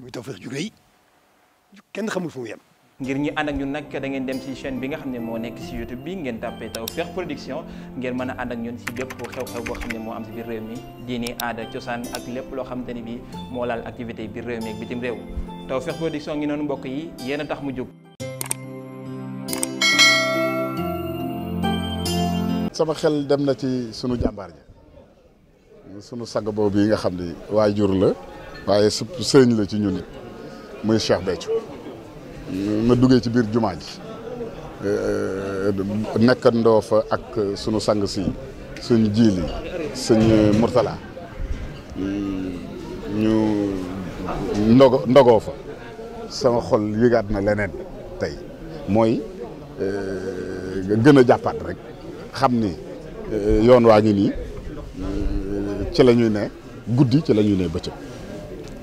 muy Tawfekh ju rëy kenn xamul fu yam ngir ñi ànd ak ñun nag da ngeen dem ci chaîne bi nga xam ne moo nekk ci YouTube bi ngeen tàppee Tawfekh Production ngeen mën a ànd ak ñun ci bépp xew-xew boo xam ne moo am ci biir réew mi diini aada cosaan ak lépp loo xamante ne bi moo laal activité biir réew mi ak bitim réew Tawfekh Production ngi noonu mbokk yi yéen a tax mu jóg. sama xel dem na ci sunu jàmbaar ji sunu sang boobu yi nga xam ne waajur la. waaye su sëriñ la ci ñu it muy Cheikh Béthio ma duggee ci biir jumaa ji eh, nekkandoo fa ak sunu sang si suñ jiili suñ Murtala mm, ñu ndogo ndogoo fa sama xol yëgaat na leneen tey mooy eh, gën a jàppaat rek xam ni eh, yoon waa ngi nii ci lañuy ñuy ne guddi ci lañuy ñuy ne bëccëg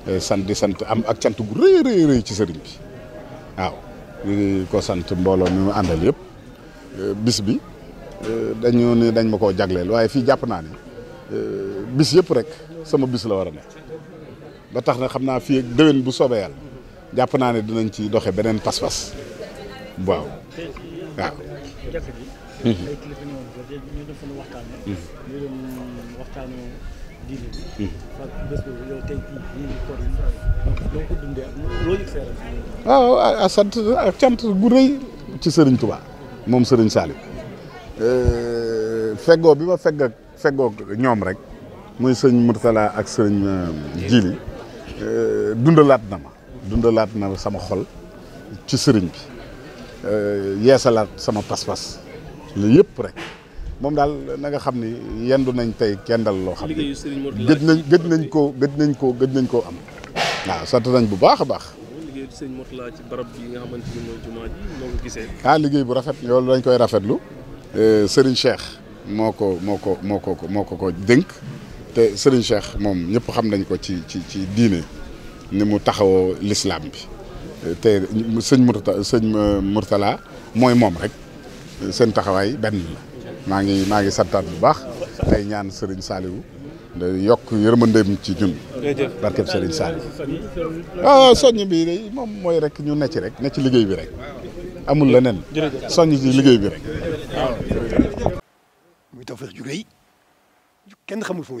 Euh, sant di sant am ak cant gu rëy rëy ci sëriñ bi waaw ko sant mbooloo mi àndal yëpp euh, bis bi euh, dañu ne dañ ma koo jagleel waaye fii jàpp naa ne bis yëpp rek sama bis la war a nekk ba tax na xam naa fii ak déwén bu soobee jàpp naa ne dinañ ci doxe beneen pas-pas waaw waaw diine hmm. ah, ah, ah, sant ak cant gu rëy ci Serigne Touba moom Serigne Saliou euh, feggoo bi ma fegg ak ñoom rek muy sëñ Mourtala ak sëñ euh, Jili euh, dundalaat na ma dundalaat na sama xol ci sëriñ bi yeesalaat sama pas-pas li yëpp rek moom daal nanga xam ni yendu nañ tey kendal loo xam ne gëj nañ gëj nañ koo gëj nañ koo gëj nañ koo am waaw sant nañ bu baax a baax liggéey sëñ Mourtalla ci barab ah, liggéey bu rafet loolu dañ koy rafetlu euh, Serigne Cheikh moo ko moo ko moo ko moo ko ko dénk te Serigne Cheikh moom ñëpp xam nañ ko ci ci ci diine ni mu taxawoo lislaam bi euh, te sëñ Mourtalla sëñ Mourtalla mooy moom rek seen taxawaay benn la maa ngi maa ngi santaat bu baax tey ñaan Serigne Saliou yokk yërmandeem ci ñun barkeb Serigne Saliou ah, soññ bi day moom mooy rek ñu ne ci rek ci liggéey bi rek amul leneen soññ ci liggéey bi rek waaw muy tawfeex ju kenn xamul fu mu